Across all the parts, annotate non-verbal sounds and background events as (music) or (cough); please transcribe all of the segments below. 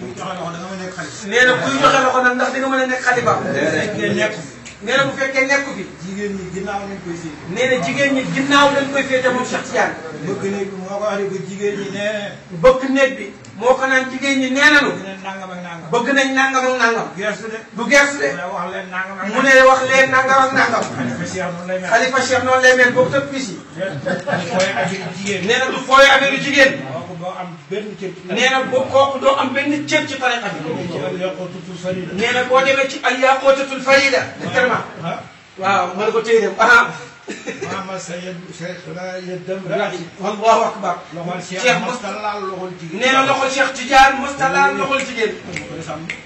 nee na kuy joxe loxo nag ndax a nekk xalifa. nee na bu fekkee nekku fi. jigéen ñi ginnaaw lañ koy na jigéen ñi ginnaaw lañ koy féete moom Cheikh Tidiane. jigéen ñi nee na. bëgg ko naan ñi nee nañu. bëgg nañ bëgg nañ nangam ak nangam. gersu de. du gersu de. wax leen nangam ak wax leen nangam ak nangam. xalifa Cheikh noonu lay mel. xalifa Cheikh noonu lay mel boobu tëb bis yi. nee na du jigéen. doo am benn cër ci nee na boo kooku doo am benn cër ci tariqa bi. nee na boo demee ci al yaqutatul farida. Ah. Ah. waaw waaw mën na ko téye ah. maama sa yed Cheikhna yeddam rahi allahu akbar loxol cheikh mustalaal loxol jigéen nee na loxol cheikh Tidiane mustalaal loxol jigéen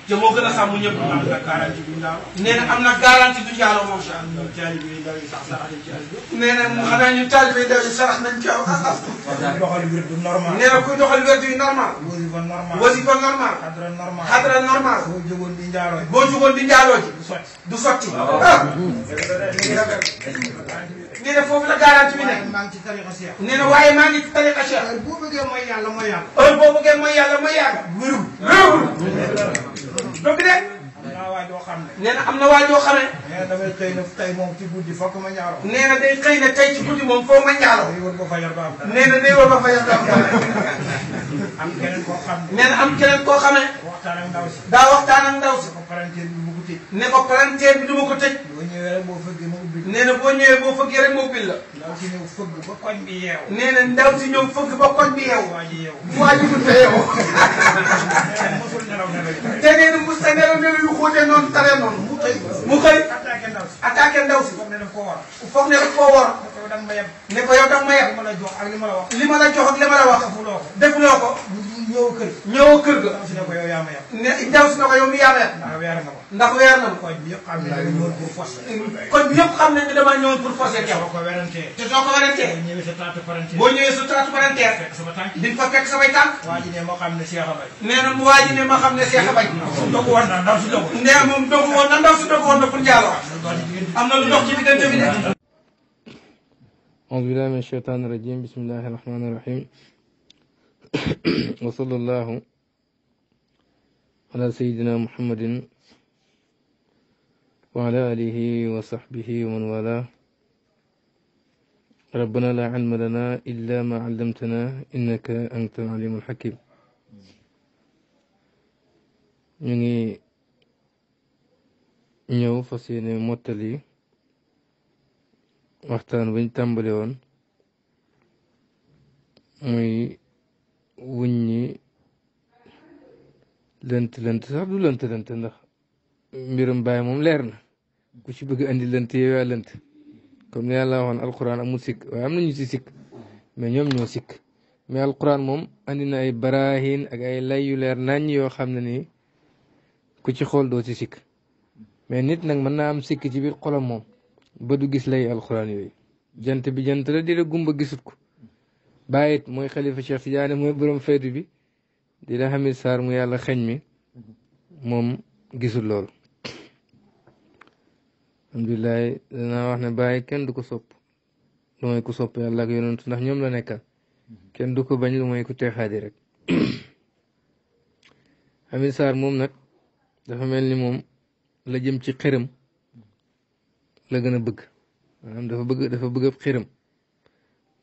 te moo gën a sàmm ñëpp am na garanti du ñaaw nee na am na garanti du ñaaw moom sa taalibe daw yi sax sax nañ ci as nee na mu xanaa ñu taalibe daw yi sax nañ ci as doxal wér du normal nee na kuy doxal wér du normal wasifa normal wasifa normal xadra normal xadra normal boo jógoon di njaaloo boo jógoon di njaaloo ji du sotti du sotti nee na foofu la garanti bi nekk. maa ngi ci tariqa Cheikh. nee na waaye maa ngi ci tariqa Cheikh. heure boo bëggee mooy yàlla mooy yàlla. heure boo bëggee mooy yàlla mooy yàlla. wérul wérul. dëgg de. na waa joo na am na waa joo xam ne. nee na damay xëy na tey moom ci guddi fokk ma ñaaroo. nee na day xëy na tey ci guddi moom foo ma ñaaroo. day wër ba fa yor ba am na day wër ba fa yor ba am dara. am keneen koo xam ne. nee na am daa waxtaan ak ndaw si. ne ko palanteer bi du ma ko tëj. ne ko palanteer bi du ko tëj. boo boo fëggee ma nee na boo ñëwee boo fëggee rek ma ubbil la. ndaw si ñëw fëgg ba koñ bi yeewu. nee na ndaw si ñëw fëgg ba koñ bi yeewu. waa ji yeewu waa ji te yeewu. (laughs) te nee nelaw nelaw yu noonee noonu taree noonu mu xëy mu xëy attaqué ndaw si foog ne daf koo war foog ne daf koo yow ma yem. ne ko yow da ma yem. li ma la jox ak li ma wax. li ma la jox ñëw kër ñëw kër ga. ndaw yow yaa ma yem. ne ne na ma. ndax weer na ma. koñ bi yëpp xam nañ ne ñëwoon pour ne mu waa ji ne ma si dogu. nee moom dogu woon na am na lu dox ci diggante bi de. أعوذ بالله من الشيطان الرجيم بسم الله الرحمن الرحيم (coughs) وصلى الله على سيدنا محمد وعلى آله وصحبه ومن والاه ربنا لا علم لنا إلا ما علمتنا إنك أنت العليم الحكيم يعني ngi ñëw fas waxtaan wuñ tàmbale woon muy wuñ ñi lënt lënt sax du lënt lënt ndax mbirum bàyyi moom leer na ku ci bëgg andi lënt yow yaa lënt comme ni yàlla waxoon alquran amul sikk waaye am nañu si sikk mais ñoom ñoo sikk mais alquran moom andi na ay baraahin ak ay lay yu leer nañ yoo xam ne nii ku ci xool doo si sikk mais nit nag mën na am sikk ci biir xolam moom ba du gis lay alxuraan yooyu jant bi jant la di la gumba gisut ko bàyyit mooy xalifa si Tidiane mooy borom faytu bi di la xamit saar yàlla xeñ mi moom gisul loolu alhamdulilah bàyyi kenn du ko sopp lu ku sopp yàlla ndax ñoom la nekkal kenn du ko bañ lu mooy ku teexaadi rek xamit (coughs) saar moom nag dafa mel ni moom la jëm ci xërëm la gën a bëgg maanaam dafa bëgg dafa bëgg ab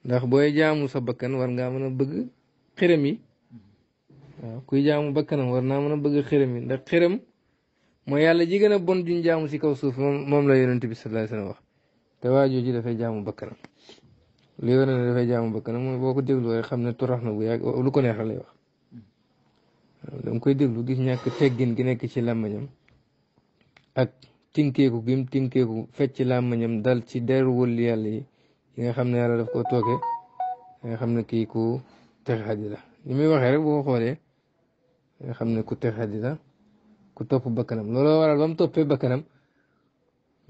ndax booy jaamu sa bakkan war ngaa mën a bëgg xiram yi waaw kuy jaamu bakkanam war naa mën a bëgg xiram yi ndax xiram mooy yàlla ji gën a bon juñ jaamu si kaw suuf moom moom la yonent bi sallallahu alayhi wasallam wax te waa jooju dafay jaamu bakkanam li war ne dafay jaamu bakkanam boo ko déglu rek xam ne torax na bu yàgg lu ko neex lay wax da koy déglu gis ñàkk teggin gi nekk ci làmmañam tinkeeku gim tinkeeku fecc làmmiñam dal ci deru wëlli yàlla yi yi nga xam ne yàlla daf ko tooke nga xam ne kii ku texadi la ni muy waxee rek boo xoolee nga xam ne ku texadi la ku topp bakkanam looloo waral ba mu toppee bakkanam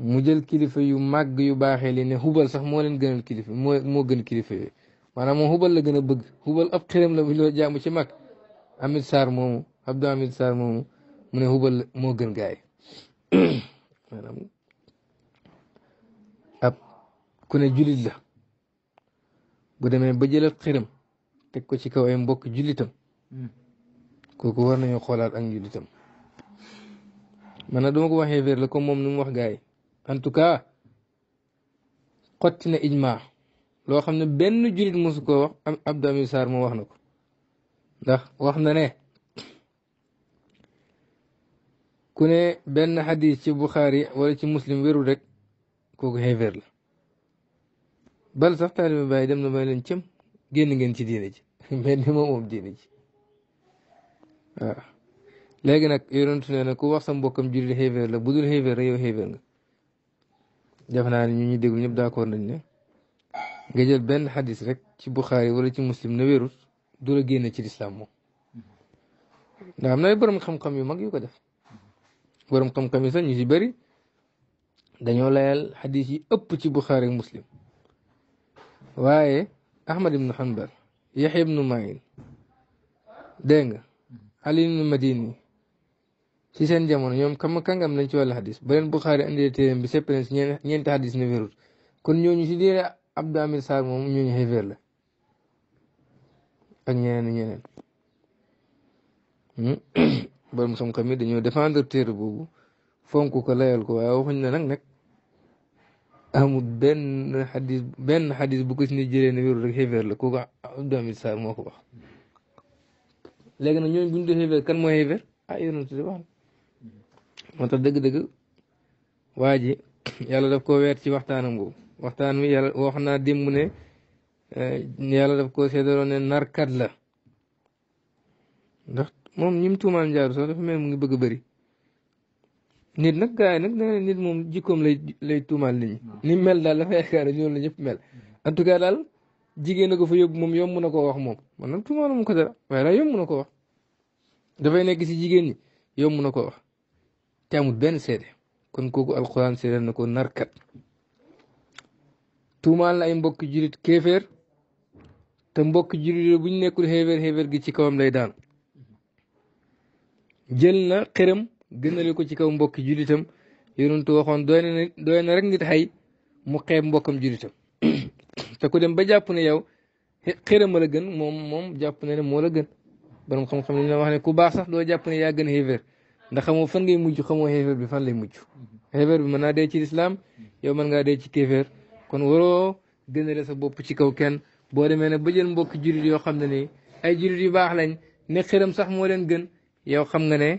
mu jël kilifa yu màgg yu baaxee li ne xubal sax moo leen gënal kilifa moo moo gën kilifa yooyu maanaam moom xubal la gën a bëgg xubal ab xiram la bu ñu la jaamu ci mag Amit Sarr moomu Abdou Amit Sarr moomu mu ne xubal moo gën gaay (clears throat) maanaam ab ku ne la bu demee ba jël xiram teg ko ci kaw mbokk julitam kooku war nañu xoolaat ak jullitam man nag du ma ko waxee la comme moom ni mu wax gars yi en tout cas xotti na ijma loo xam ne benn jullit mosu koo wax am Abdou Amir moo wax na ko ndax wax na ne ku benn xadis ci Buxaari wala ci muslim wérul rek kooku xeefeer la bal sax taalibe Baay dem na may leen cëm génn ngeen ci diine ji mais (laughs) ni moom moom ji waaw léegi nag yonentu nee na ku wax sa mbokkam jullit xeefeer la bu dul xeefeer rek yow xeefeer nga def naa ne ñu ñu déglu ñëpp d'accord nañ ne nga jël benn xadis rek ci Buxaari wala ci muslim na wérut du la ci lislaam moom ndax am na ay borom xam yu mag yu ko def borom xam-xam yi sax ñu si bëri dañoo layal xadis ëpp ci Buxaari ak Muslim waaye Ahmad ibnu Hanbal Yaxya ibnu Maïn dégg nga Ali ibnu Madini ci seen jamono ñoom kam kàngam lañ ci wàllu xadis ba leen Buxaari andee téeréem bi sepp leen si ñeenti ne wérut kon ñooñu si diire Abdou Amir Sarr moom ñooñu xeefeer la ak ñeneen ñeneen hmm? borom mu xam yi dañoo défendre téere boobu fonk ko layal ko waaye waxuñ na nag nag amul benn xadis benn xadis bu ko si ni jëlee la kooku Abdou Hamid Sarr moo ko wax léegi nag ñooñu buñ dee xéeféer kan mooy xéeféer ah yonent di wax moo tax dëgg-dëgg waa ji (coughs) yàlla daf koo weer ci waxtaanam boobu waxtaan wi yàlla wax naa démb ne eh, yàlla daf koo seedaloon ne narkat la moom ñi mu tuumaal njaaru soo dafa mel mu ngi bëgg a bëri nit nag gars yi nag nit moom jikkoom lay lay tuumaal nit ñi. Ah. mel daal dafa yaakaar ne ñoom la ñëpp mel. Hmm. en tout cas daal jigéen a ko fa yóbbu moom yomb na ko wax moom man nag tuumaal mu ko dara waaye daal yomb na koo wax dafay nekk si jigéen ñi yomb na ko wax te amul seede kon kooku alquran seedeel na ko narkat tuumaal na ay mbokki jurit kéeféer te mbokki jurit buñ nekkul xeeféer xeeféer gi ci kawam lay daanu. jël na xëram gënale ko ci kaw mbokki jullitam yonentu waxoon doy na doy na rek nit xay mu xeeb mbokkam jullitam (coughs) te ku dem ba jàpp ne yow xëram la gën moom moom jàpp na ne moo la gën borom xam-xam yi ñu wax ne ku baax sax doo jàpp ne yaa gën xéeféer ndax xamoo fan ngay mujj xamoo xéeféer bi fan lay mujj xéeféer bi mën naa dee ci lislam yow mën ngaa dee ci kéeféer kon waroo gënale sa bopp ci kaw kenn boo demee ne ba jël mbokki jullit yoo xam ne ni ay jullit yu baax lañ ne sax moo leen gën yow xam nga ne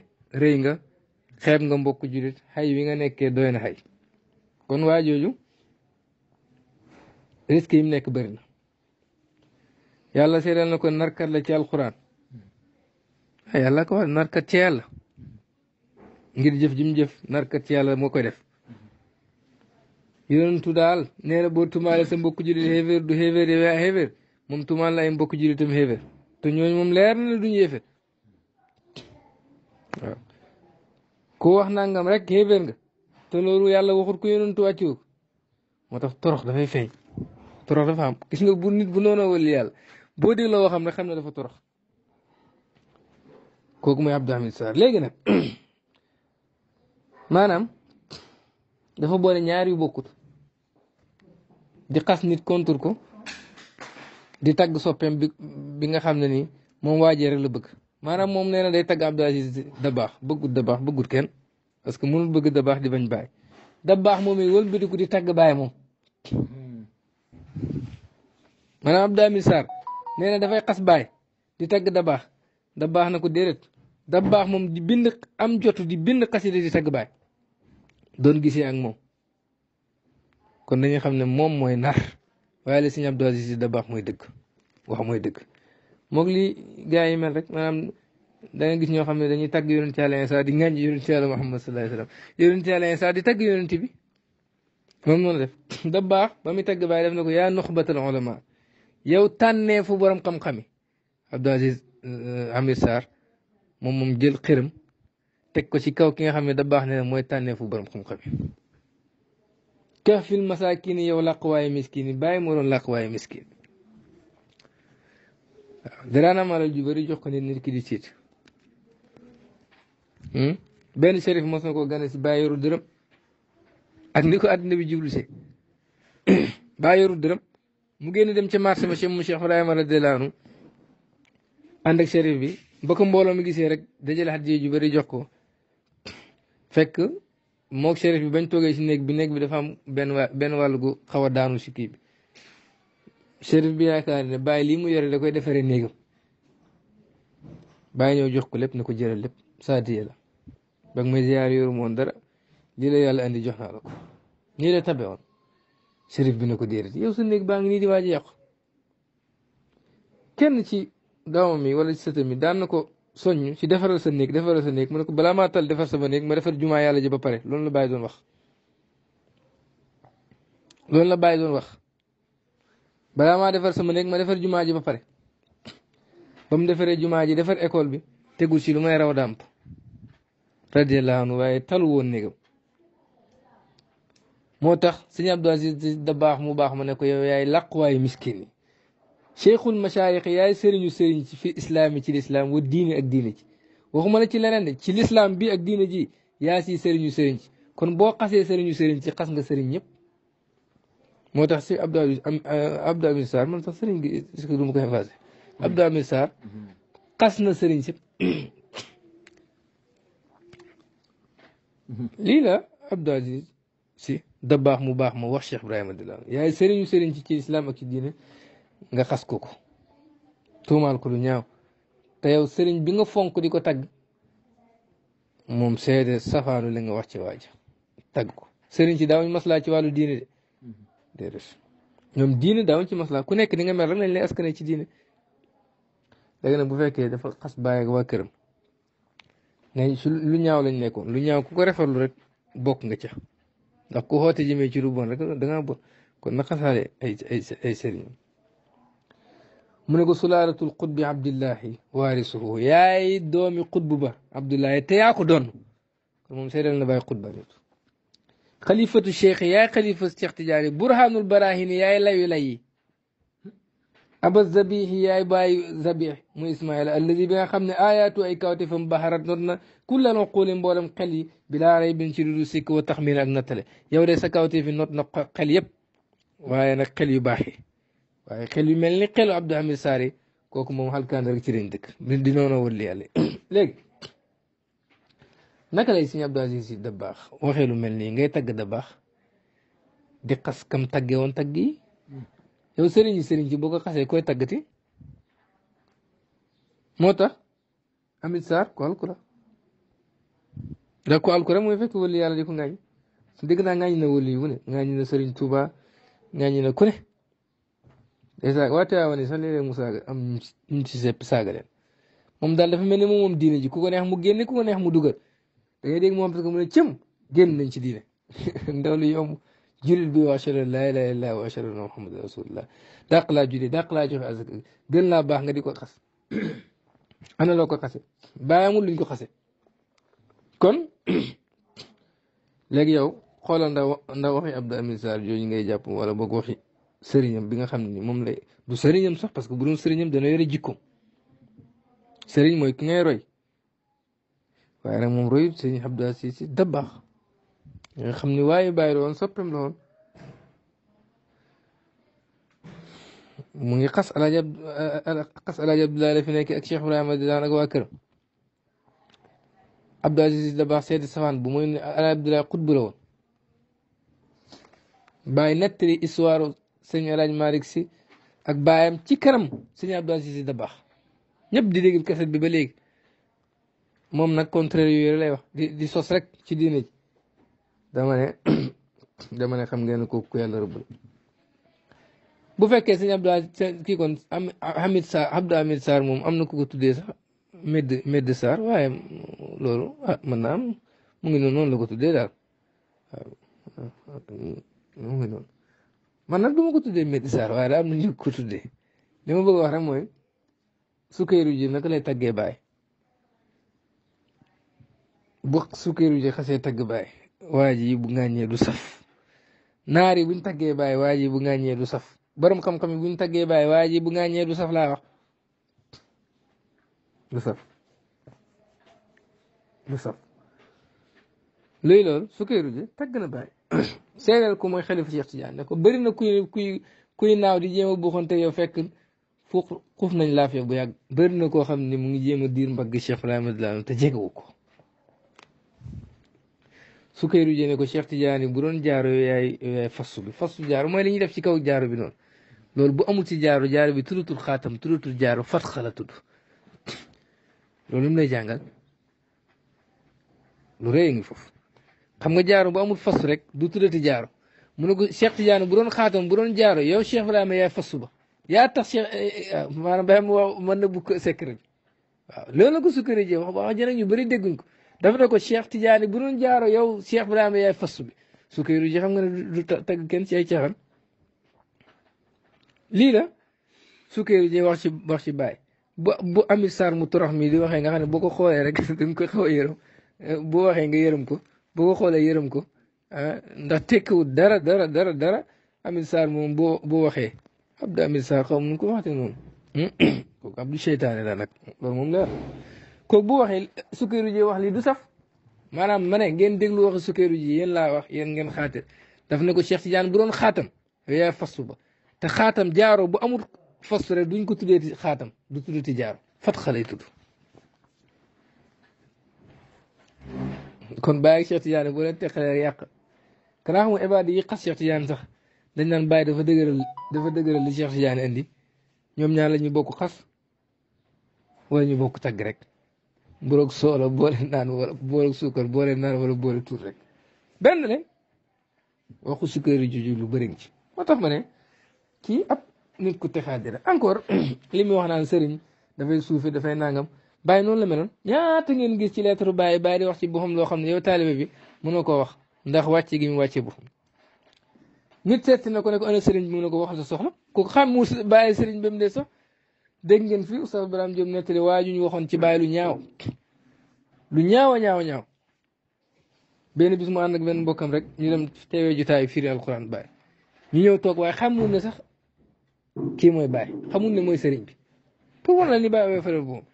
rëy nga xeeb nga mbokk jullit xay wi nga nekkee doy na xay kon waa jooju risque yi nekk bëri na yàlla seedal na ko narkat la ci alxuraan ah, yàlla ko wax narkat ci yàlla ngir jëf ji mu jëf narkat ci yàlla moo koy def yonentu daal nee na boo tumaale sa mbokk jullit xéeféer du xéeféer yow yaa moom tumaal na ay mbokk jullitam xéeféer te ñooñu moom leer na ne duñu xéeféer waaw ku wax nangam rek xéeféer nga te loolu yàlla waxut ku yonentu wàcciwu ko moo tax torox dafay feeñ torox dafa am gis nga bu nit bu noonu wali yàlla boo dégg la waxam rek xam na dafa torox kooku mooy Abdou Hamid Sarr léegi nag (clears throat) maanaam dafa boole ñaari bokkut di xas nit kontur ko di tagg soppeem bi bi nga xam ne nii moom waajee rek la bëgg maanaam moom nee na day tagg Abdou Aziz Dabakh bëggut Dabakh bëggut kenn parce que mënul bëgg Dabakh di bañ baay Dabakh moom it wëlbatiku di tagg baay moom. maanaam Abdou Hamid Sarr nee na dafay xas baay di tagg Dabakh Dabakh na ko déedéet Dabakh moom di bind am jotu di bind xasida di tagg baay doon gisee ak moom kon dañuy xam ne moom mooy nar waaye la sëñ Abdou Aziz Dabakh mooy dëgg wax mooy dëgg. moog li gaa yi mel rek maanaam da gis ñoo xam ne dañuy tagg yonent yàlla Iisaa di ŋàññ yonent yàlla Muhammad sallallahu alayhi wa sallam yonent yàlla di tagg yonent bi moom baax ba muy tagg baay def na ko yaa nuxbatal ulama yow tànnee fu borom xam-xami Abdou Aziz euh, Amir Sarr moom moom jël xërëm teg ko ci kaw ki nga xam ne da baax ne mooy tànnee fu borom xam-xami kafil masaakini yow làqwaayu miskini bàyyi moo doon làqwaayu miskini danaan am alal ju bëri jox ko nit nit ki di tiit hmm? benn shérif mos na ko gane si bàyyi yoru dërëm ak ni ko àddina bi jublu see (coughs) bàyyi dërëm mu génn dem ca marché ba mu Cheikh Ibrahima radiyallaahu anhu ànd ak shérif bi ba ko mbooloo mi gisee rek dajale xaddiya ju bëri jox ko fekk mook shérif bi bañ toogee ci néeg bi néeg bi dafa am benn benn wàll gu xaw a daanu si kii chérif bi yaakaar ne bàyyi lii mu yore da koy defaree néegam bàyyi yow jox ko lépp na ko jëral lépp saatiye la ba may ziyaar yoru moon dara lii la yàlla andi jox naa la ko nii la tabe woon chérif bi na ko déedéet yow sa néeg baa ngi nii di waaj a kenn ci doomam mi wala ci sëtam mi daan na ko soññ ci defaral sa néeg defaral sa néeg mu ne ko balaa maa tal defar sama néeg ma defar jumaa yàlla ji ba pare loolu la bàyyi doon wax loolu wax balaa maa defar sama néeg ma defar jumaa ji ba pare ba mu defaree jumaa ji defar école bi tegul ci lu may raw dàmp radiyallahu waaye talu woon néegam moo tax sëñ Abdou Aziz da baax mu baax ma ne ko yow yaay làquwaayu miskin yi cheikhul machaayix yaay sëriñu sëriñ ci fi islaam yi ci lislaam wa diine ak diine ci waxuma la ci leneen ci lislaam bi ak diine ji yaa siy sëriñu sëriñ ci kon boo xasee sëriñu sëriñ ci xas nga sëriñ ñëpp منتصر ابدا ابدا من سار من تصرين سكدو مكو فازي ابدا من سار قصنا سرين سيب ليلا ابدا عزيز سي دباخ مباخ ما وخ شيخ ابراهيم الدلال يا سرين سرين تي الاسلام اك دين nga xas ko ko tuumaal ko lu ñaaw te yow sëriñ bi nga fonk di ko tagg moom seede safaanu li nga wax ci waaja tag ko sëriñ ci daawuñ maslaa ci wàllu diine de déedéet ñoom diine daawuñ ci maslaa ku nekk ni nga mel rek lañ lay askane ci diine léegi nag bu fekkee dafa xas bàyyi ak waa këram su lu ñaaw lañ nekkoon lu ñaaw ku ko rafetlu rek bokk nga ca ndax ku xoote jëmee ci lu bon rek da bon kon na xasaale ay ay ay sëriñ mu ne ko sulaalatul xutbi abdillahi waarisuhu yaay doomi xutbu ba abdullahi te yaa ko doon kon moom seedal na bàyyi xutba خليفة الشيخ يا خليفة استختياري برهان البراهين يا إلهي إلهي أبا الزبيح يا إباي زبيح مو إسماعيل الذي بها خمني آيات أي كاتف بحرات نرنا كل نقول بولم قلي بلا ريب شرير سك وتخمين أغنطلي يو ليس كاتف نرنا قليب وانا قلي باحي وانا قلي ملني قلي عبد الحميد ساري كوكو مو هل كان ركتير عندك من دينونا ولي عليه (coughs) ليك naka lay sëñ Abdou Aziz Sy Dabakh lu mel ni ngay tagg Dabakh di xas kam tagge woon tagg yi yow sëriñ yi sëriñ ci boo koy taggati moo tax amit Sarr ko alku da ko alku la mooy fekk wëli yàlla di ko ngaañ dégg naa ngaañ na wëli wu ne ngaañ na sëriñ Touba ngaañ na ku ne day saag waa Tivaouane sax léeg-léeg mu saaga am ñu ci sepp saaga leen moom daal dafa ni moom moom diine ji ko neex mu génne ku ko neex mu dugal da ngay dégg moom parce que mu ne cëm génn nañ ci diine (laughs) ndaw lu yomb jullit bi wa ashhadu an laa ilaaha illallaah wa ashhadu anna muhammadan rasulullaah dàq laa julli dàq laa joxe azaka gën laa baax nga di ko xas (clears throat) ana loo ko xase bàyyi amul luñ ko xase kon (clears throat) léegi yow xoolal ndaw ndaw waxi Abdou Amin Sarr jooju ngay jàpp wala boog waxi sëriñam bi nga xam ne moom lay du sëriñam sax parce que bu doon sëriñam dana yore jikko sëriñ mooy ki ngay roy waaye nag moom royut sëñ Abdou Aziz Sy xam ni waaye bàyyi la soppeem la woon mu ngi xas alaaji xas alaaji Abdoulaye la fi nekk ak Cheikh Ibrahima Dilan ak waa kër Abdou Aziz Sy Dabakh seeti safaan bu muy alaaji Abdoulaye xutbu la woon bàyyi nettali histoire sëñ alaaji Malick ak baayam ci kanam sëñ Abdou Aziz Sy Dabakh ñëpp di dégg kaset bi ba léegi moom nag contraire yooyu lay wax di di sos rek ci diine ji damane ne dama ne (coughs) ko ku yàlla rëbbul bu fekkee si sëñ Abdou kii kon am Hamid Sarr Abdou Hamid Sarr moom am na ku ko tuddee sax Medd Medd Sarr waaye loolu ah mën naa am mu ngi noonu noonu la ko tuddee daal man nag du ma ko tuddee Medd waaye daal am na ñu ko tuddee li ma bëgg wax rek mooy sukkeeru ji naka lay taggee baay bu sukkeeru ji xasee tagg baay waa ji bu ngàññee du saf naar yi buñ taggee baay waa bu ngàññee du saf borom xam-xam yi buñ taggee baay waa bu ngàññee du saf laa wax du saf du saf luy loolu ji tagg na baay (coughs) seedal ko mooy xalifa Cheikh Tidiane ne ko bëri na kuy kuy kuy naaw di jéem a buuxante yow fekk fu nañ laaf bu yàgg bëri na koo xam ni mu ngi jéem a diir mbagg Cheikh ma te jegewu ko Sukayru jëne ko Cheikh Tidiane bu doon jaaro yaay yaay fasu bi fasu jaaro mooy li ñuy def ci kaw jaaro bi noonu loolu bu amul ci jaaro jaaro bi tuddatul xaatam tuddatul jaaro fatxa la tudd lay jàngal lu nga jaaro bu amul rek du tuddati jaaro mu ne ko Cheikh Tidiane bu doon xaatam bu doon jaaro yow Cheikh Ibrahima yaay fasu ba yaa tax Cheikh eh, eh, eh, maanaam ba xam mën na bu secret bi waaw loolu la ko Sukayru jëne wax ba wax jëne ñu ko daf ne ko Cheikh Tidiane bu doon jaaro yow Cheikh Ibrahima yaay fass bi su koy ruji xam nga ne du tagg kenn ci ay caxan lii la su koy ruji wax ci wax ci bàyyi bu bu Amir Sarr mu torox mi di waxee nga xam ne boo ko xoolee rek (laughs) da nga koy xaw a eh, waxee nga yërëm ko boo ko xoolee yërëm ko ah, ndax tekkiwut dara dara dara dara Amir Sarr moom boo boo waxee Abdou Amir Sarr xaw ma nu ko waxatee moom hmm? (coughs) kooku Abdou Seytaane la nag kooku bu waxee sukkeeru ji wax li du saf maanaam ma ne ngeen déglu waxi sukkeeru ji yéen laa wax yéen ngeen xaatir daf ne ko Cheikh Tidiane bu doon xaatam yaay fastu ba te xaatam jaaro bu amul fastu rek duñ ko tuddeeti xaatam du tuddeeti jaaro fatxa lay tudd kon bàyyi Cheikh Tidiane boo leen te rek yàq kanaa xam nga di yi xas Cheikh sax dañ naan bàyyi dafa dëgëral dafa dëgëral li Cheikh Tidiane indi ñoom ñaar la ñu bokk xas wala ñu bokk tagg mburoog soola boole naan wala mburoog suukar boole naan wala boole tuur rek benn lañ waxu sukkari juju lu bëri ci moo tax ma ne kii ab nit ku texaadi la encore (clears throat) li muy wax naan sëriñ dafay suufi dafay nangam bàyyi noonu la meloon ñaata ngeen gis ci lettre bàyyi bàyyi di wax ci boppam loo xam ne yow taalibe bi mënoo koo wax ndax wàcce gi mu wàccee boppam nit seet na ko ne ko ana sëriñ bi mu ko waxal sa soxla ku xam mu bàyyi sëriñ ba mu dee dégg ngeen fii Oustaz Birame Diop nettali waa ju ñu waxoon ci bàyyi lu ñaaw lu ñaaw a ñaaw ñaaw benn bis mu ànd ak benn mbokkam rek ñu dem teewee jotaay firi alquran bàyyi ñu ñëw toog waaye xamul ne sax kii mooy bàyyi xamul ne mooy sëriñ bi pour wan la ni bàyyi way faral boobu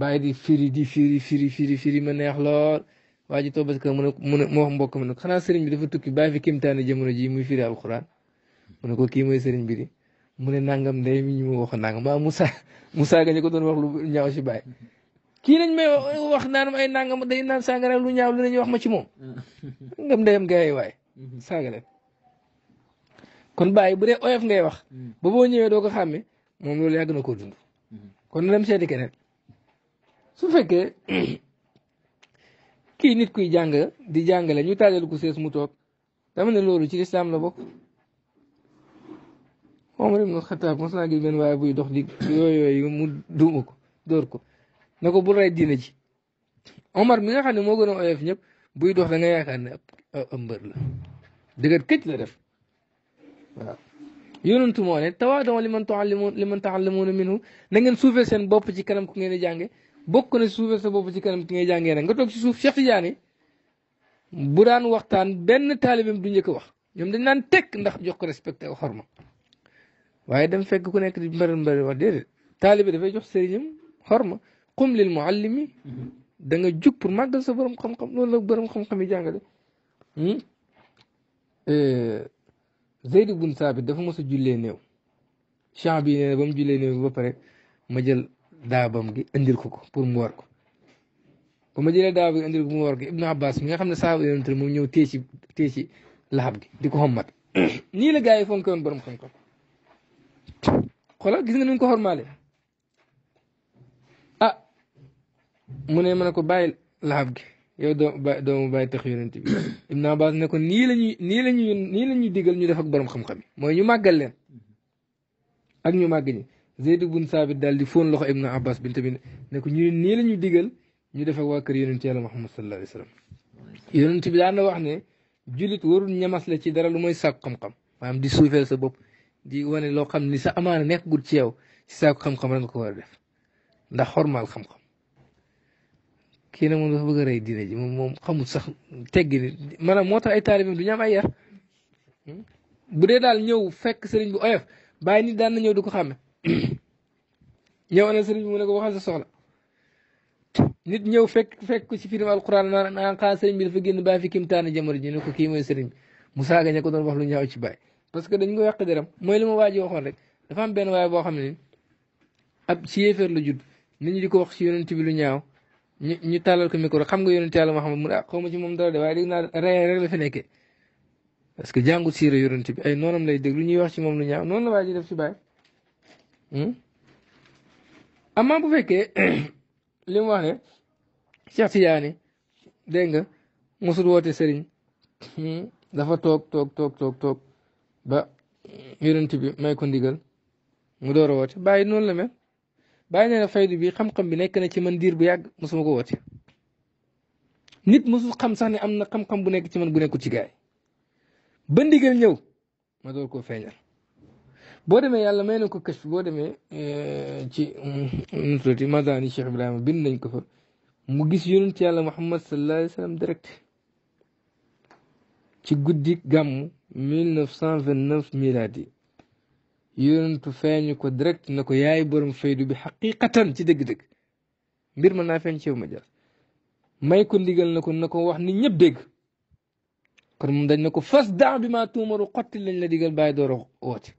bàyyi di firi di firi firi firi firi ma neex lool waa ji toog parce que mu ne mu ne mu wax mbokk mi nag xanaa sëriñ bi dafa tukki bàyyi fi kéemtaane jamono ji muy firi alquran mu ne ko kii mooy sëriñ bi di mu ne nangam ndey mi ñu ma wax nangam maa Moussa Moussa gañu ko doon wax lu ñaaw si baay kii lañ may wax naan ay nangam day naan sangara lu ñaaw lu la ñuy wax ma ci moom ngam ndeyam gars yi waaye saaga kon bàyyi bu dee oyof ngay wax ba boo ñëwee doo ko xàmme moom loolu yàgg na koo dund kon na dem seeti keneen su fekkee kii nit kuy jàng di jàngale ñu taajal ku sees mu toog dama ne loolu ci lislaam la bokk Omar ibn Xataab mos naa gis benn waaye buy dox di yooyu mu duuma ko dóor ko na ko bul rey diina ji Omar mi nga xam ne moo gën a oyof ñëpp buy dox da nga yaakaar mbër la dëggat këcc la def waaw. yonentu moo ne tawaadoo li man taallimuun li man taallimuuna minhu na ngeen suufee seen bopp ci kanam ku ngeen di bokk na suufee sa bopp ci kanam ki ngay jàngee nag nga toog ci suuf Cheikh Tidiane bu daan waxtaan benn taalibam du njëkk wax ñoom dañ naan tekk ndax jox ko respecté ak xorma. waaye dem fekk ku nekk di mbër mbër wax déedéet taalibe dafay jox sëriñam xorma qum lil muallimi da danga jug pour màggal sa borom xam-xam loolu la borom xam-xam yi jàngale hmm? euh, Zeyd bun Saabit dafa mos a jullee néew champ bi nee na ba mu jullee néew ba pare ma jël daabam gi indil ku ko pour mu war ko ba ma jëlee daabam gi indil ko mu war ko Ibnu Abbas mi nga xam ne saaba yonent moom ñëw téye ci téye ci laxab gi di ko xommat (coughs) nii la gars yi fonk woon borom xam-xam xoolal gis nga ni ñu ko xormaale ah mu ne ma ne ko bàyyi laab gi yow doomu bàyyi tax yonent bi Ibn Abbas ne ko nii la ñuy nii la ñuy nii la ñuy digal ñu def ak borom xam-xam yi mooy ñu màggal leen ak ñu màgg ñi Zayd bun Saabit daal di fóon loxo Ibn Abbas bi tamit ne ko ñu nii la ñuy digal ñu def ak waa kër yonent yàlla Muhammad sallallahu alayhi wa sallam yonent bi daan na wax ne jullit warul ñamas la ci dara lu mooy sàkk xam-xam maanaam di suufeel sa bopp. di wone loo xam ni sa amaana nekk gut ci yow ci saako xam-xam rek nga ko war def ndax xormaal xam-xam kii nag moom dafa bëgg a rey ji moom moom xamul sax teggi ni moo tax ay taalibeem du ñu am bu dee daal ñëw fekk sëriñ bu oyof bàyyi nit daan na ñëw du ko xàmme (coughs) ñëw ana sëriñ bi mu ne ko waxal sa soxla nit ñëw fekk fekk ko ci firim alquran naan naan xaa sëriñ bi dafa génn bàyyi fi kim taana jamono ji ne ko kii mooy sëriñ bi mu saaga ña ko doon wax lu ñaaw ci bàyyi parce que dañ ko yàq deram mooy li ma waa ji waxoon rek dafa am benn waay boo xam ne ab si yéeféer la judd nit ñi di ko wax si yonent bi lu ñaaw ñu ñu tàllal ko micro xam nga yonent yàlla Muhammad mu ne ah xaw ma ci moom dara de rek la fi nekkee parce que jàngut siira yonent bi ay noonam lay dégg lu ñuy wax ci moom lu ñaaw noonu la waa ji def si bàyyi hmm? amaa bu fekkee (clears throat) li mu wax ne Cheikh Tidiane dégg nga mosul woote sëriñ hmm? dafa toog toog toog toog toog ba yonent bi may ko ndigal mu door a woote bàyyi noonu la mel bàyyi nee na faydu bi xam-xam bi nekk na ci man diir bu yàgg mosuma ko woote nit mosul xam sax ne am na xam-xam bu nekk ci man bu nekkul ci gaay ba ndigal ñëw ma door koo feeñal boo demee yàlla may na ko kës boo demee eh, ci mm, nutoti madani Cheikh Ibrahima bind nañ ko fa mu gis yonent yàlla Muhammad sallallahu alayhi wa sallam ci guddi gàmm 1929 milaadi yonentu feeñu ko direct na ko yaay borom faydu bi xaqiqatan ci dëgg-dëgg mbir mën naa feeñ ci ma jaas may ko ndigal na ko na ko wax ni ñëpp dégg kon dañ na ko fas daa bi maa tuumaru xotti lañ la digal bàyyi door a woote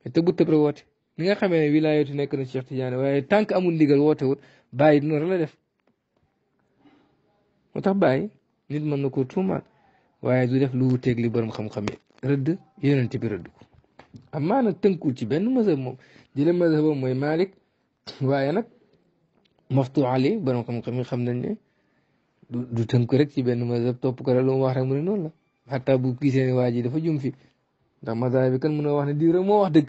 mais tëbbu tëb rek woote ni nga xamee ne wilaayatu nekk na Cheikh Tidiane waaye tant que amul woote wut bàyyi noonu la def moo tax bàyyi nit mën na ko tuumaal waaye du def lu wuteeg li borom xam-xam yi rëdd yonent bi rëdd ko amaa nag tënkul ci benn mazhab moom jële mazhabam mooy Malik waaye nag maftu ali borom xam-xam xam nañ ne du tënk rek ci benn mazhab topp ko rek lu mu wax rek mu ne noonu la xataa bu gisee waa ji dafa jum fi ndax mazhab bi kan mën wax ne diw moo wax dëgg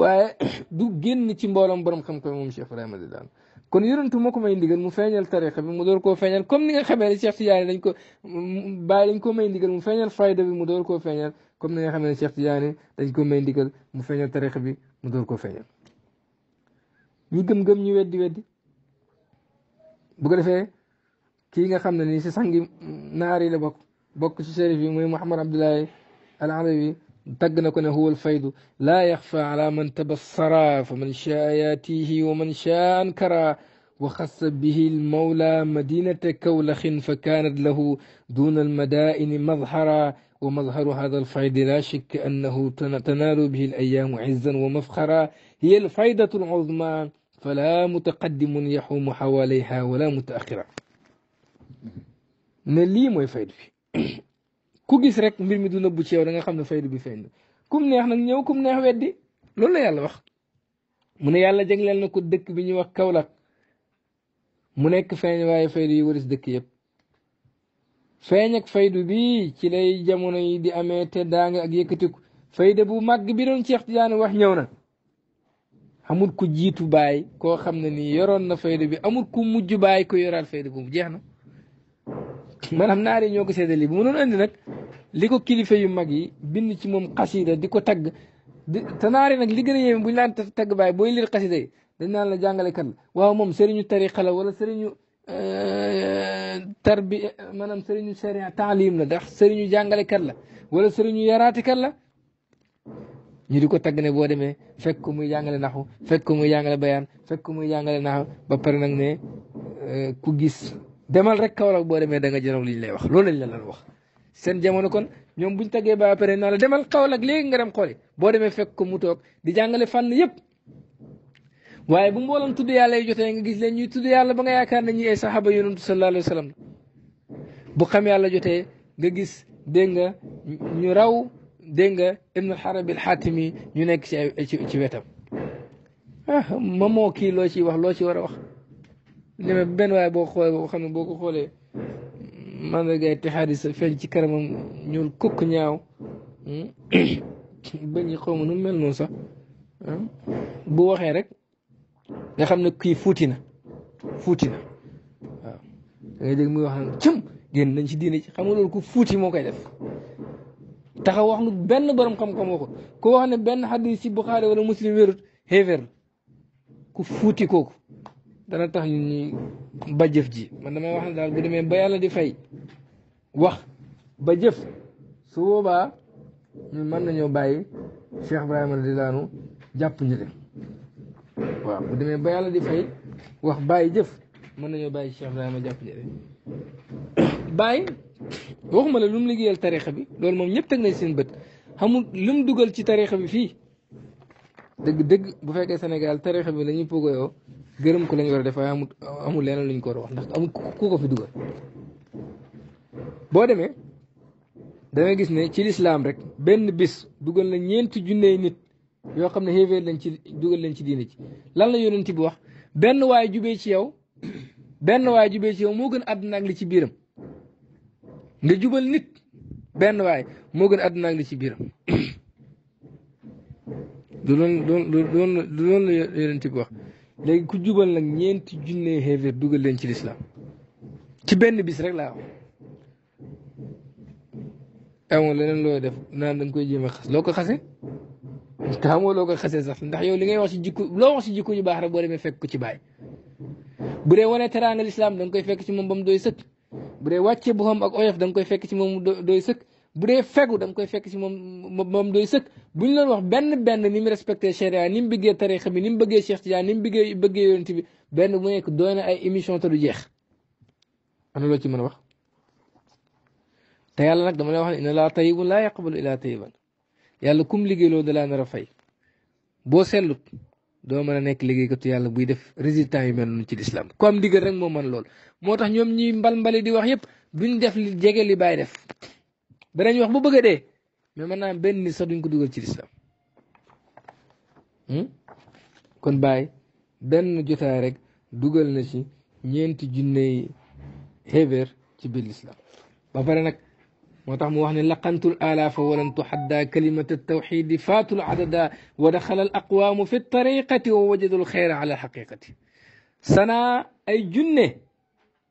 waaye (coughs) du génn ci mbooloom borom xam-xam moom Cheikh Ibrahima di daan kon yonentu moo ko may ndigal mu feeñal tariqa bi mu door koo feeñal comme ni nga xamee ko bàyyi dañ ko may ndigal mu feeñal fayda bi mu door koo feeñal comme ni nga xamee ne Cheikh Tidiane dañ ko mu feeñal tariqa bi mu door koo feeñal ñi gëm-gëm ñu weddi weddi bu ko defee kii nga xam ne nii si sangi naari la bokk bokk ci chérif yi mooy Mouhamad Abdoulaye al Alawi تقنقن هو الفيض لا يخفى على من yaxfa فمن شاء ياتيه ومن شاء shaa وخص به المولى مدينة كولخ فكانت له دون المدائن مظهرا ومظهر هذا الفيض لا شك أنه تنال به الأيام عزا ومفخرا هي الفيضة العظمى فلا متقدم يحوم حواليها ولا متأخرا نلي ما فيه ku gis rek mbir mi du nëbbu ci yow da nga xam ne faydu bi feeñ na kum neex nag ñëw kum neex weddi loolu la yàlla wax mu ne yàlla jagleel na ko dëkk bi ñuy wax Kaolack mu nekk feeñ waaye faydu yi waris dëkk yëpp feeñ ak faydu bi ci lay jamono yi di amee te daa nga ak yëkkatiku fayda bu màgg bi doon Cheikh Tidiane wax ñëw na amul ku jiitu baay koo xam ne nii yoroon na fayda bi amul ku mujj bay ko yoraat fayda boobu jeex na maanaam naari ñoo ko seedali bu mu doon li ko kilifa yu mag yi bind ci moom xasida di ko tagg te nag li gën a yéeme bu ñu laan tagg baay booy liir xasida yi dañ naan la jàngale kan waaw moom seriñu tariqa la wala sëriñu euh, tarbi maanaam sëriñu sharia taalim la ndax sëriñu jàngale la wala sëriñu yaraati kan la ñu di ko tagg ne boo demee fekk muy jàngale naxu fekk muy jàngale bayaan fekk muy jàngale naxu ba pare nag ne euh, ku gis demal rek kaw boo demee da nga jëloon li lay wax loolu lañ la lan wax. seen jamono kon ñoom buñ taggee ba pare naa la demal xawal ak léegi nga dem xooli boo demee fekk ko mu toog di jàngale fànn yëpp waaye bu mbooloon tudd yàlla yi jotee nga gis leen ñuy tudd yàlla ba nga yaakaar ne ñi ay saxaaba yonantu sallallahu alayhi wa sallam bu jotee nga gis dégg nga ñu raw dégg nga ibnu xarabi alxaatimi ñu nekk ci wetam ah ma moo kii loo ci wax loo ci war a wax demee benn waaye boo xoolee xam ne boo ko xoolee mandargay tixaari sa feeñ ci kanamam ñuul kukk ñaaw hmm? (coughs) bañi xaw ma nu mel noonu sax hmm? bu waxee rek nga xam ne kii fuuti na fuuti na waaw muy wax naan cëm génn nañ ci diine ci xam nga loolu ku fuuti moo koy def taxaw wax lu benn borom xam-xam waxul ko wax ne benn xadis ci Buxaari wala muslim wérut xéeféer ku fuuti kooku dana tax ñun ñi ba jëf ji man damay wax ne daal bu demee ba yàlla di fay wax ba jëf su boobaa ñun mën nañoo bàyyi Cheikh Ibrahima di daanu jàpp ñu dem waaw bu demee ba yàlla di fay wax bàyyi jëf mën nañoo bàyyi Cheikh Ibrahima jàpp ñu dem (coughs) bàyyi waxuma la lu mu liggéeyal tarixa bi loolu moom ñëpp teg nañ seen bët xamul lu mu dugal ci tarixa bi fii dëgg dëgg bu fekkee senegal tarixa bi la ñu pogoyoo gërëm ko lañ war a waaye amul amul leneen luñ ko war wax ndax amul ko fi dugal boo demee da gis ne ci lislaam rek benn bis dugal na ñeent junney nit yoo xam ne xéeféer lañ ci dugal lañ ci diine ci lan la yonent bi wax benn waaye jubee ci yow (coughs) benn waaye jubee ci yow moo gën àdduna ak li ci biiram nga jubal nit benn waaye moo gën àdduna ak li ci biiram (coughs) du loon la yonent bi wax léegi ku jubal nag ñeenti junne xeeféer dugal leen ci lislaam ci benn bis rek laa am amoon leneen looy def naan dañ koy jéem a xas loo ko xase te xamoo loo ko xasee sax ndax yow li ngay wax si jikko loo wax si jikko yu baax rek boo demee fekk ko ci baay bu dee wane teraanga lislaam da nga koy fekk ci moom ba mu doy sëkk bu dee wàccee bu xam ak oyof da nga koy fekk ci moom doy sëkk bu fegu da koy fekk si moom moom doy sëkk bu ñu doon wax benn benn ni mu respecté sharia ni mu bëggee tarixa bi ni mu bëggee Cheikh Tidiane ni mu bëggee bëggee yonent bi benn bu nekk doy na ay émission te du jeex ana loo ci mën a wax te yàlla nag dama lay wax ne inna laa tayyibun laa yaqbalu illaa tayyiban yàlla kum liggéey loolu dalaa nar a fay boo sellut doo mën a nekk liggéeykatu yàlla buy def résultat yu mel noonu ci lislaam comme am ndigal rek moo mën lool moo tax ñoom ñuy mbal mbali di wax yëpp duñ def li jege li bàyyi def danañ wax bu bëgg a dee mais mën naa benn nit sax duñ ko dugal ci lislaam kon bàyyi benn jotaay rek dugal na ci ñeenti junney xeebeer ci biir lislaam ba pare nag moo tax mu wax ne laqantu alaafa walan tuxaddaa kalimata tawxidi faatul adada wa daxala al aqwaamu fi tariqati wa wajadu al xeyra ala alxaqiqati sanaa ay junne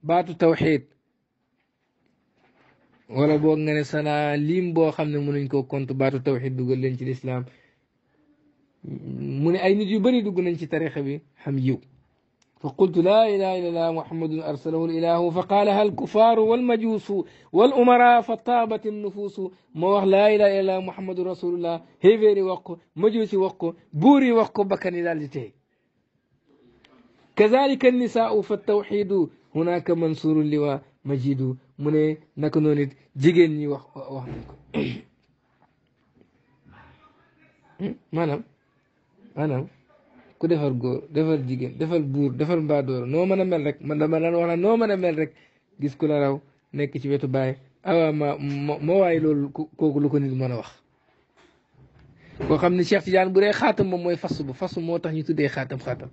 baatu tawxid wala boog nga ne sana lim boo xam ne mënuñ koo compte baatu tawxid dugal leen ci lislaam mu ne ay nit yu bëri dugg nañ ci tarixa bi xam yiw fa qultu laa ilaha illa allah muhammadun arsalahu lilahu fa qaalaha alkufaaru walmajuusu walumara fa taabat annufuusu ma wax laa ilaha illa allah muhammadun rasulullah xéeféer yi wax ko majuusi wax ko buur yi wax ko bakkan yi daal di tey kazalika annisaau fa tawxidu hunaka mansuuru liwa majidu mu ne naka noonu jigéen ñi wax wax nañ ko (coughs) maanaam maanaam ku defar góor defar jigéen defar buur defar mbaadoor noo mën a mel rek man dama daan wax na noo mën a mel rek gis ku la raw nekk ci wetu baay awa ma ma waaye loolu kooku lu ko nit mën a wax koo xam ne Cheikh Tidiane bu dee xaatam moom mooy fasu ba fasu moo tax ñu tuddee xaatam xaatam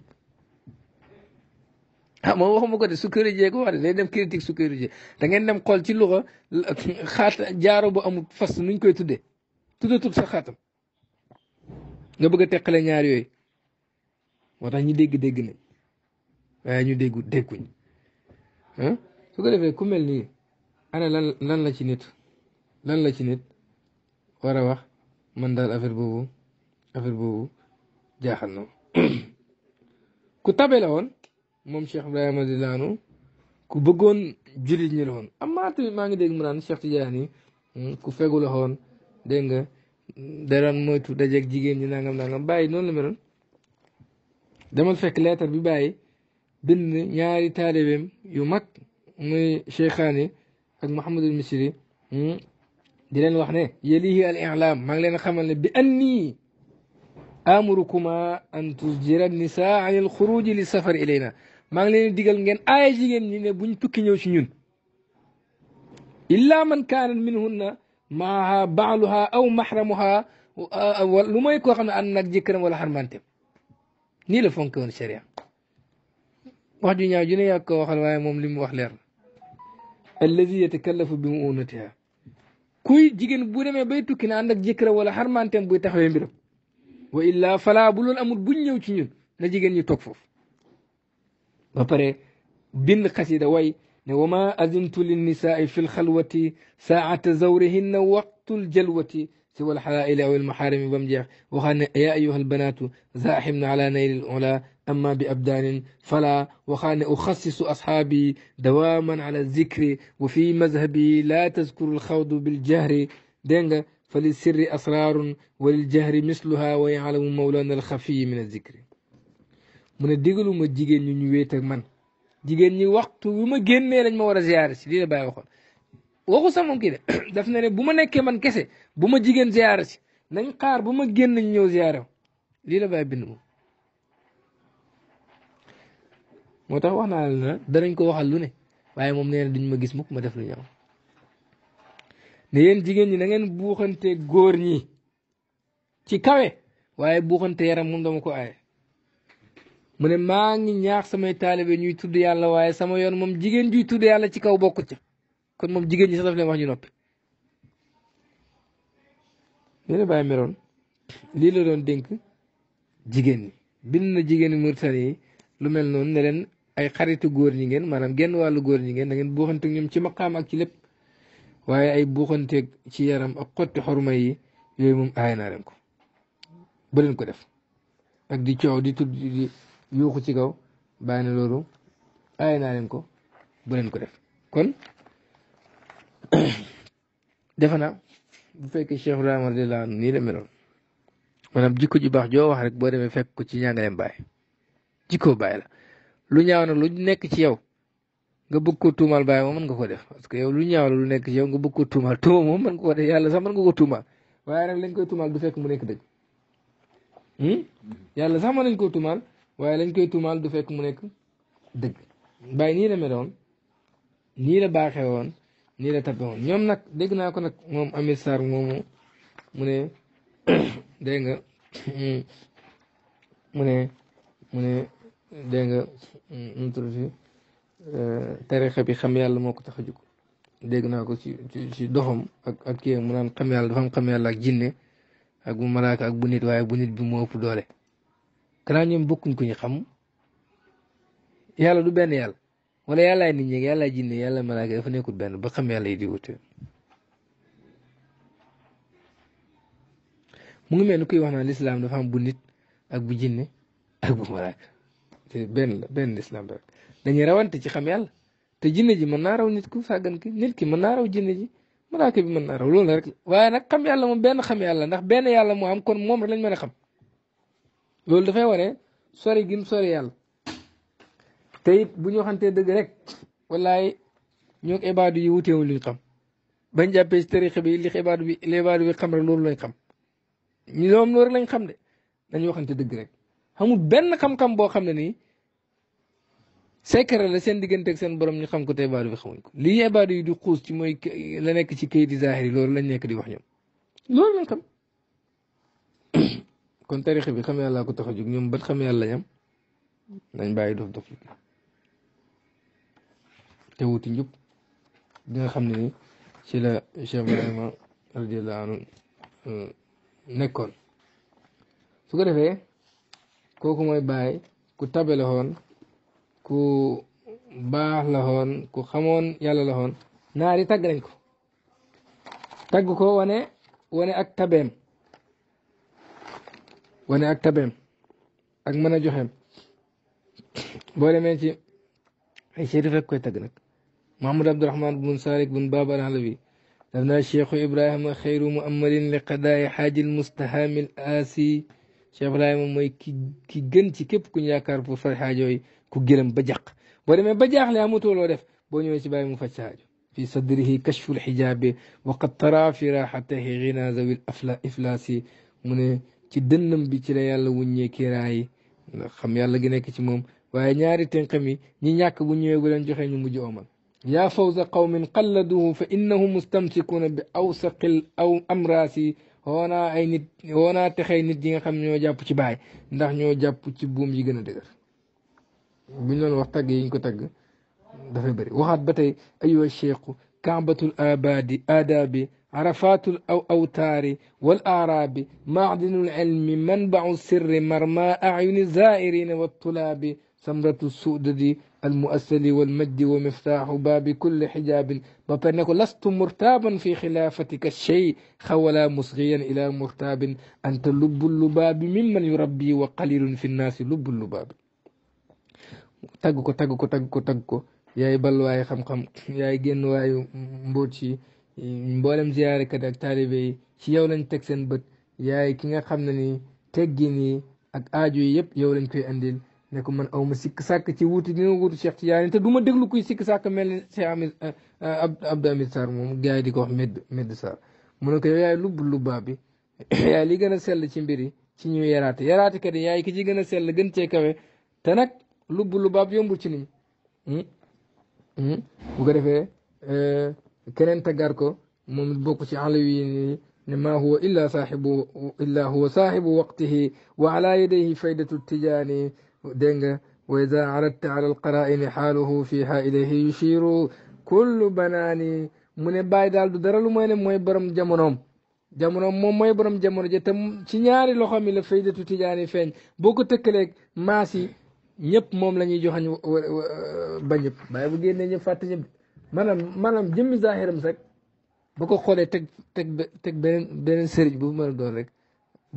ah moom waxuma ko de Sukkari jee ko wax de day def critique Sukkari da ngeen dem xool ci luxa xaat jaaro bu amul fas nuñ koy tudde tuddatul sa xaatam nga bëgg a teqale ñaar yooyu moo tax ñu dégg-dégg nañ waaye ñu déggu dégguñ su ko defee mel nii ana lan la ci nit lan la ci nit war wax man daal affaire boobu affaire boobu jaaxal na (coughs) ku tabe la woon moom Cheikh Ibrahima Nilaanu ku bëggoon jullit ñi la woon amaa tamit maa ngi dégg mu naan Cheikh Tidiane ku fegu la woon dégg nga daraan moytu dajeeg jigéen ñi nangam nangam bàyyi noonu la meloon demal fekk leetar bi bàyyi bind ñaari taalibeem yu mag muy Cheikhaani ak Mouhamadul Misri di leen wax ne yelihi al i'lam maa ngi leen xamal ne bi anni amurukuma an tuzjira nisa an al xuruji li safar ilayna maa ngi leen di digal ngeen aaya jigéen ñi ne buñ tukki ñëw ci ñun illaa man kaanat minhunna maaha baaluha aw mahramuha lu mooy koo xam ne ànd nag jëkkëram wala xarmantem nii la fonke woon sharia wax ju ñaaw ju ne yàgg ko waxal waaye moom li mu wax leer na alladi yatakallafu bi muunatiha kuy jigéen bu demee bay tukki na ànd ak jëkkëram wala xarmantem buy taxawee mbiram wa illaa falaa bu loolu amul buñ ñëw ci ñun na jigéen ñi toog foofu بابري بن bind وي وما أذنت للنساء في الخلوة ساعة زورهن وقت الجلوة سوى الحلائل أو المحارم بمجح وخان يا أيها البنات زاحمن على نيل الأولى أما بأبدان فلا وخان أخصص أصحابي دواما على الذكر وفي مذهبي لا تذكر الخوض بالجهر دينغا فللسر أسرار وللجهر مثلها ويعلم مولانا الخفي من الذكر mu ne ma jigéen ñi ñu wéet man jigéen ñi waxtu wi ma génnee lañ ma war a ziare si lii la bàyyi waxoon waxu sax moom kii de (coughs) daf na ne bu ma nekkee man kese bu ma jigéen ziare si nañ xaar bu ma génn ñu ñëw ziare lii la bàyyi bind moom. moo tax wax naa la danañ ko waxal lu ne waaye moom nee na duñ ma gis mukk ma def lu ñaaw ne yéen jigéen ñi na ngeen buuxante góor ñi ci kawe waaye buuxante yaram moom dama ko aaye. mu ne maa ngi ñaax samay taalibe ñuy tudd yàlla waaye sama yoon moom jigéen juy tudd yàlla ci kaw bokkut ca kon moom jigéen ñi sax daf wax ñu noppi ñu lii la doon dénk jigéen ñi bind na jigéen ñi Mauritanie yi lu mel noonu ne leen ay xaritu góor ñi ngeen maanaam genn wàllu góor ñi ngeen da ngeen buuxanteeg ñoom ci maqaam ak ci lépp waaye ay buuxanteeg ci yaram ak xotti xorma yi yooyu moom aay leen ko ba ko def yuuxu ci kaw bàyyi na loolu aay naa leen ko bu leen ko def kon (coughs) defe na bu fekkee chef Ibrahima radiyallaahu anhu nii la meloon maanaam jikko ju joo wax rek boo demee fekk ko ci ñàngaleem bàyyi jikkoo baay la lu ñaaw na lu nekk ci yow nga bëgg koo tuumaal baay moom mën nga ko def parce que yow lu ñaaw la lu nekk ci yow nga bëgg koo tuumaal tuuma moom mën nga ko def yàlla sax mën nga ko tuumaal waaye nag lañ koy tuumaal du mu nekk dëgg hmm? Hmm. yàlla sax tuumaal waaye lañ koy tuumaal du fekk mu nekk dëgg Baye nii la meloon nii la baaxee woon nii la tabe woon ñoom nag dégg naa ko nag moom Amir Sarr moomu mu ne (coughs) dégg nga (coughs) mu ne mu dégg nga mu tudd si euh, bi xam yàlla moo ko tax a jóg dégg naa ko ci ci doxam ak ak kii mu naan xam yàlla dafa xam yàlla ak jinne ak mu malaaka ak bu nit waaye bu nit bi moo ëpp doole gannaaw ñoom bokkuñ ko ñu xam du benn yàlla wala yàllaay nit ñi yàllaay jinne yàlla malaaka dafa nekkul benn ba xam yàlla yi di wute mu ngi mel ni kuy wax na lislaam dafa am bu nit ak bu jinne ak bu malaaka te benn la benn rek dañuy rawante ci xam yàlla te jinne ji mën naa nit ku sàggan ki nit ki mën naa raw jinne ji malaaka bi mën naa rek waaye nag xam yàlla moom benn xam yàlla ndax benn yàlla mu am kon moom rek lañ mën a xam loolu dafay wane sori gim sori yàlla tey bu ñu waxantee dëgg rek wallaay ñoo ko yi wuteewul luñ xam bañ jàppee si tarixa bi li ibaadu bi li ibaadu bi xam rek loolu lañ xam ñu ñoom loolu lañ xam de dañuy waxante dëgg rek xamul benn xam-xam boo xam ne nii secret la seen diggante seen borom ñu xam ko te ibaadu bi xamuñ ko li ibaadu yi di xuus ci mooy la nekk ci kayit yi zahir yi loolu lañ nekk di wax ñoom loolu lañ xam kon tarixa bi xam yàlla ko tax a jóg ñoom bat xam yàlla ñam nañ bàyyi dof dof lu te wuti njub di nga xam ne ni ci la Cheikh Ibrahima radiyallahu anhu euh, nekkoon su ko defee kooku mooy ku tabe la xoon ku baax la xoon ku xamoon yàlla la xoon naari tàgg nañ ko tàgg ko wane wane ak tabeem وانا اكتبهم اجمنا جهم بولا ماشي اي شريف اكوي تقنك محمد عبد الرحمن بن سالك بن باب العلوي لنا الشيخ ابراهيم خير مؤمل لقضاء حاج المستهام الاسي شيخ ابراهيم موي كي گنتي كيب كو نياكار بو فر حاجوي كو گيرم بجاق بولا مي بجاق لي اموتو لو ديف بو نيوي سي باي مو فاج حاجو في صدره كشف الحجاب وقد ترى في راحته غنى ذوي الافلا من ci dënnam bi ci la yàlla wuññee kiiraa yi xam yàlla gi nekk ci moom waaye ñaari tenqam yi ñi ñàkk bu ñëwee bu leen joxe ñu mujj omal yaa fawza qawmin qalladuhu fa innahum mustamsikuuna bi awsaqil aw amraas yi woonaa ay nit woonaa texey nit yi nga xam ñoo jàpp ci baay ndax ñoo jàpp ci buum yi gën a dëgër buñ doon wax tagg yi ñu ko tagg dafay waxaat ba ayuha cheikhu kaabatul abaadi عرفات الأوتار والأعراب معدن العلم منبع السر مرمى أعين الزائرين والطلاب سمرة السؤدد المؤسل والمجد ومفتاح باب كل حجاب بطنك لست مرتابا في خلافتك الشيء خولا مصغيا إلى مرتاب أنت لب اللباب ممن يربي وقليل في الناس لب اللباب تاجكو تاجكو تاجكو تاجكو يا بلواي خم خم يا جن يا مبوتشي mboolem ziyaarekat ak taalibe yi ci yow lañ teg seen bët yaay ki nga xam ne ni teggin yi ak aajo yi yëpp yow lañ koy andil ne ko man aw ma sikk sàkk ci wuuti gi nga wuutu Cheikh Tidiane te du ma déglu kuy sikk sàkk mel ni Cheikh Amid euh, euh, Abdou Hamid Sarr moom ko wax Med Med Sarr mu ne ko yow yaay lubb lubbaa bi (coughs) yaay li gën a sell ci mbir yi ci ñu yaraate yaraate kat yi yaay ki ci gën a sell gën cee kawe te nag lubb lubbaab yombul ci nii hmm? hmm? bu ko defee euh, keneen taggaat ko moom it bokk ci ala yi ne maa huwa illa saaxibu illa huwa saaxibu waqtihi wa ala yadayhi faydatu tijaani dégg nga wa ida aradta ala alqaraa'ini xaaluhu fiiha ilayhi yushiru kullu banaani mu ne bàyyi daal du dara lu mooy ne mooy borom jamonoom jamono moom mooy borom jamono ji te ci ñaari loxo mi la faydatu tijaani feeñ boo ko tëkkaleeg maas yi ñëpp moom la ñuy joxañ ba ñëpp bàyyi bu génnee ñëpp fàtte ñëpp maanaam maanaam jëmmi zaahiram rek ba ko xoolee teg teg teg beneen beneen sëriñ bu mën a doon rek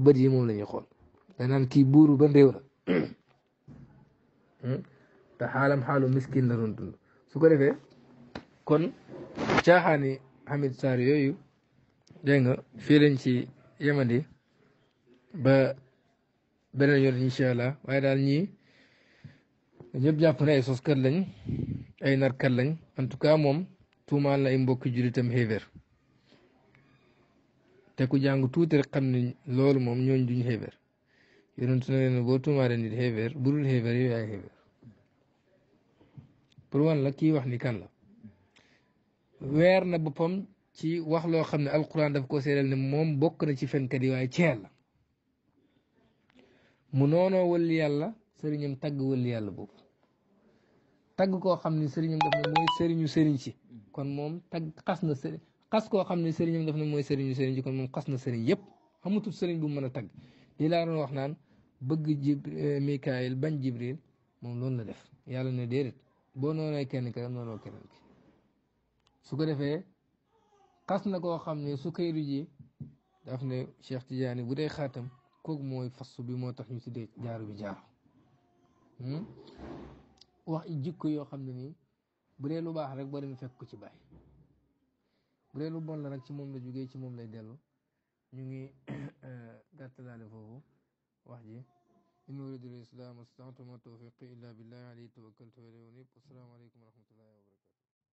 bët yi moom la ñuy xool da kii buuru ban réew la hmm? te xaalam xaalu miskin la doon su ko defee kon caaxaani Hamid Sarr yooyu dégg nga fii lañ ci yemandi ba beneen yoon incha allah waaye daal ñii ñëpp jàpp na ay soskat lañ ay narkat lañ en tout cas moom tuumaal na ay mbokki jullitam xéeféer te ku jàng tuuti rek xam ne loolu moom ñooñ duñ xéeféer yonentu na leen boo tuumaalee nit xéeféer bu dul xéeféer yow yaay xéeféer pour wan la kii wax ni kan la weer na boppam ci wax loo xam ne alquran daf ko seedal ne moom bokk na ci fenkat yi waaye ci yàlla mu noonoo wëlli yàlla sëriñam tagg wëlli yàlla boobu tagg koo xam ne sëriñam def sëriñu sëriñ si kon moom tagg xas na sëriñ koo xam ne sëriñam def na mooy sëriñu sëriñ si kon moom xas na sëriñ yëpp amatul sëriñ bu mu mën a tagg lii laa doon wax naan bëgg jib eh, Mikaayil bañ Jibril moom loolu la def yàlla ne déedéet boo noonee kenn ki rek noonoo keneen ko defee xas na koo xam ne su kayru ji daf ne Cheikh Tidiane bu dee xaatam kooku mooy fasu bi moo tax ñu tuddee jaaru bi jaaru hmm? wax jikko yoo xam ne nii bu dee lu baax rek boo demee fekk ko ci bàyyi bu dee lu bon la nag ci moom la jugee ci moom lay dellu ñu ngi (coughs) gàttalaale foofu wax ji in la al islam astatuma tawfiqi illa billahi alayhi tawakkaltu wa ilayhi unib assalaamu aleykum wa